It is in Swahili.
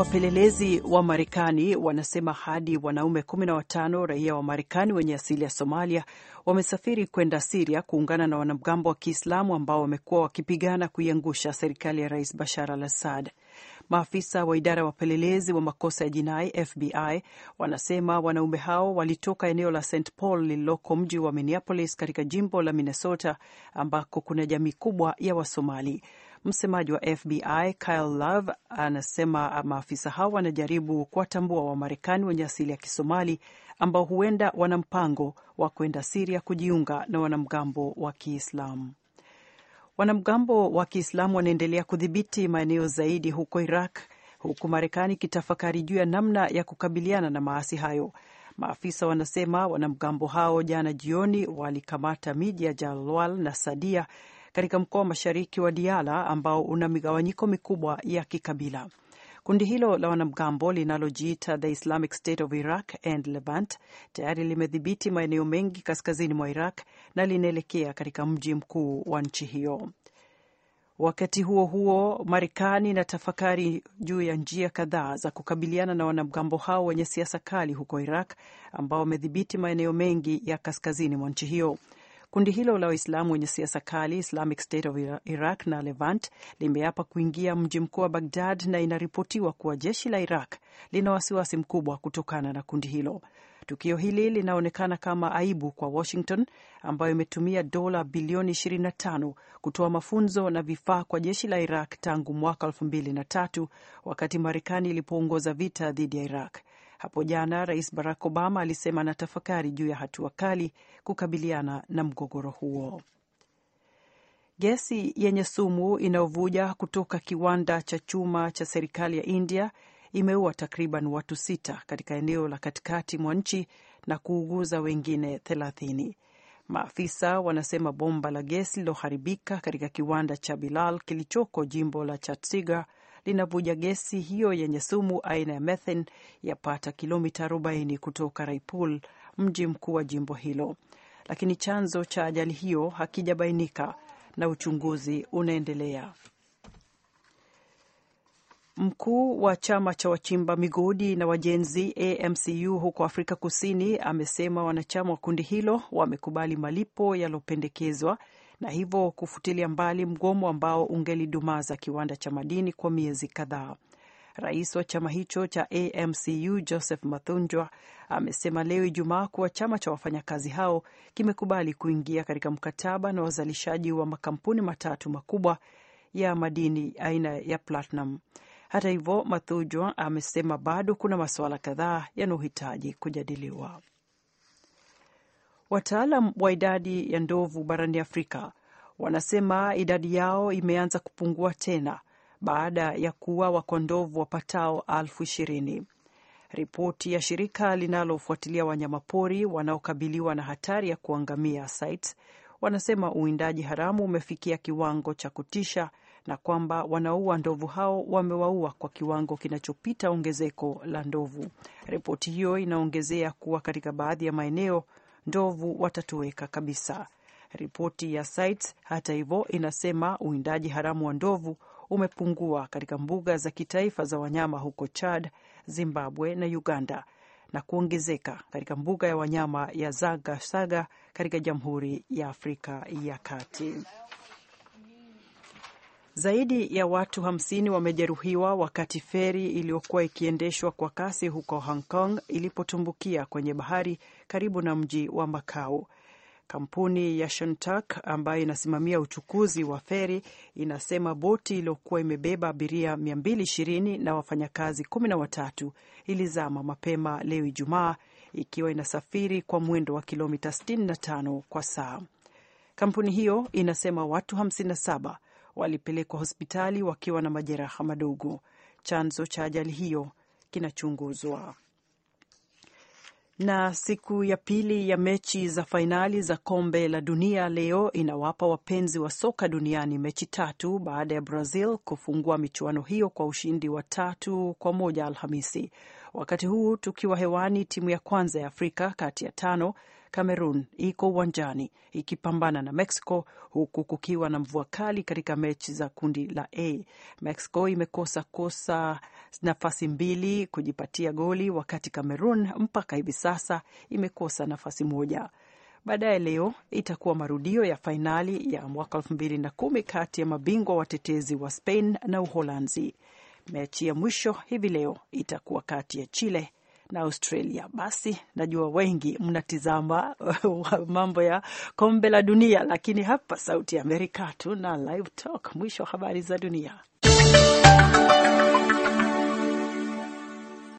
Wapelelezi wa Marekani wanasema hadi wanaume 15 raia wa Marekani wenye asili ya Somalia wamesafiri kwenda Siria kuungana na wanamgambo wa Kiislamu ambao wamekuwa wakipigana kuiangusha serikali ya Rais Bashar al Assad. Maafisa wa idara ya wapelelezi wa makosa ya jinai FBI wanasema wanaume hao walitoka eneo la St Paul lililoko mji wa Minneapolis katika jimbo la Minnesota ambako kuna jamii kubwa ya Wasomali. Msemaji wa FBI Kyle Love anasema maafisa hao wanajaribu kuwatambua Wamarekani wenye asili ya Kisomali ambao huenda wana mpango wa kwenda Siria kujiunga na wanamgambo wa Kiislamu. Wanamgambo wa Kiislamu wanaendelea kudhibiti maeneo zaidi huko Iraq, huku Marekani ikitafakari juu ya namna ya kukabiliana na maasi hayo. Maafisa wanasema wanamgambo hao jana jioni walikamata miji ya Jalwal na Sadia katika mkoa wa mashariki wa Diala ambao una migawanyiko mikubwa ya kikabila. Kundi hilo la wanamgambo linalojiita The Islamic State of Iraq and Levant tayari limedhibiti maeneo mengi kaskazini mwa Iraq na linaelekea katika mji mkuu wa nchi hiyo. Wakati huo huo, Marekani na tafakari juu ya njia kadhaa za kukabiliana na wanamgambo hao wenye siasa kali huko Iraq ambao wamedhibiti maeneo mengi ya kaskazini mwa nchi hiyo. Kundi hilo la Waislamu wenye siasa kali Islamic State of Iraq na Levant limeapa kuingia mji mkuu wa Bagdad na inaripotiwa kuwa jeshi la Iraq lina wasiwasi mkubwa kutokana na kundi hilo. Tukio hili linaonekana kama aibu kwa Washington ambayo imetumia dola bilioni 25 kutoa mafunzo na vifaa kwa jeshi la Iraq tangu mwaka 2003 wakati Marekani ilipoongoza vita dhidi ya Iraq. Hapo jana Rais Barack Obama alisema anatafakari juu ya hatua kali kukabiliana na mgogoro huo. Gesi yenye sumu inayovuja kutoka kiwanda cha chuma cha serikali ya India imeua takriban watu sita katika eneo la katikati mwa nchi na kuuguza wengine thelathini. Maafisa wanasema bomba la gesi liloharibika katika kiwanda cha Bilal kilichoko jimbo la chatsiga linavuja gesi hiyo yenye sumu aina ya methane yapata kilomita 40 kutoka Raipur, mji mkuu wa jimbo hilo, lakini chanzo cha ajali hiyo hakijabainika na uchunguzi unaendelea. Mkuu wa chama cha wachimba migodi na wajenzi AMCU huko Afrika Kusini amesema wanachama wa kundi hilo wamekubali malipo yaliyopendekezwa na hivyo kufutilia mbali mgomo ambao ungelidumaza kiwanda cha madini kwa miezi kadhaa. Rais wa chama hicho cha AMCU Joseph Mathunjwa amesema leo Ijumaa kuwa chama cha wafanyakazi hao kimekubali kuingia katika mkataba na wazalishaji wa makampuni matatu makubwa ya madini aina ya platinum. Hata hivyo, Mathunjwa amesema bado kuna masuala kadhaa yanayohitaji kujadiliwa. Wataalam wa idadi ya ndovu barani Afrika wanasema idadi yao imeanza kupungua tena baada ya kuuawa kwa ndovu wapatao elfu ishirini. Ripoti ya shirika linalofuatilia wanyamapori wanaokabiliwa na hatari ya kuangamia CITES wanasema uwindaji haramu umefikia kiwango cha kutisha na kwamba wanaua ndovu hao wamewaua kwa kiwango kinachopita ongezeko la ndovu. Ripoti hiyo inaongezea kuwa katika baadhi ya maeneo ndovu watatoweka kabisa. Ripoti ya CITES hata hivyo inasema uwindaji haramu wa ndovu umepungua katika mbuga za kitaifa za wanyama huko Chad, Zimbabwe na Uganda na kuongezeka katika mbuga ya wanyama ya Zagasaga katika Jamhuri ya Afrika ya Kati. Zaidi ya watu 50 wamejeruhiwa wakati feri iliyokuwa ikiendeshwa kwa kasi huko Hong Kong ilipotumbukia kwenye bahari karibu na mji wa Makau. Kampuni ya Shantak ambayo inasimamia uchukuzi wa feri inasema boti iliyokuwa imebeba abiria 220 na wafanyakazi 13 ilizama mapema leo Ijumaa ikiwa inasafiri kwa mwendo wa kilomita 65 kwa saa. Kampuni hiyo inasema watu 57 walipelekwa hospitali wakiwa na majeraha madogo. Chanzo cha ajali hiyo kinachunguzwa. Na siku ya pili ya mechi za fainali za kombe la dunia leo inawapa wapenzi wa soka duniani mechi tatu baada ya Brazil kufungua michuano hiyo kwa ushindi wa tatu kwa moja Alhamisi. Wakati huu tukiwa hewani, timu ya kwanza ya Afrika kati ya tano Cameroon iko uwanjani ikipambana na Mexico huku kukiwa na mvua kali katika mechi za kundi la A. Mexico imekosa kosa nafasi mbili kujipatia goli, wakati Cameroon mpaka hivi sasa imekosa nafasi moja. Baadaye leo itakuwa marudio ya fainali ya mwaka kumi kati ya mabingwa watetezi wa Spain na Uholanzi. Mechi ya mwisho hivi leo itakuwa kati ya Chile na Australia. Basi najua wengi mnatizama uh, mambo ya kombe la dunia, lakini hapa Sauti ya Amerika tuna live talk mwisho wa habari za dunia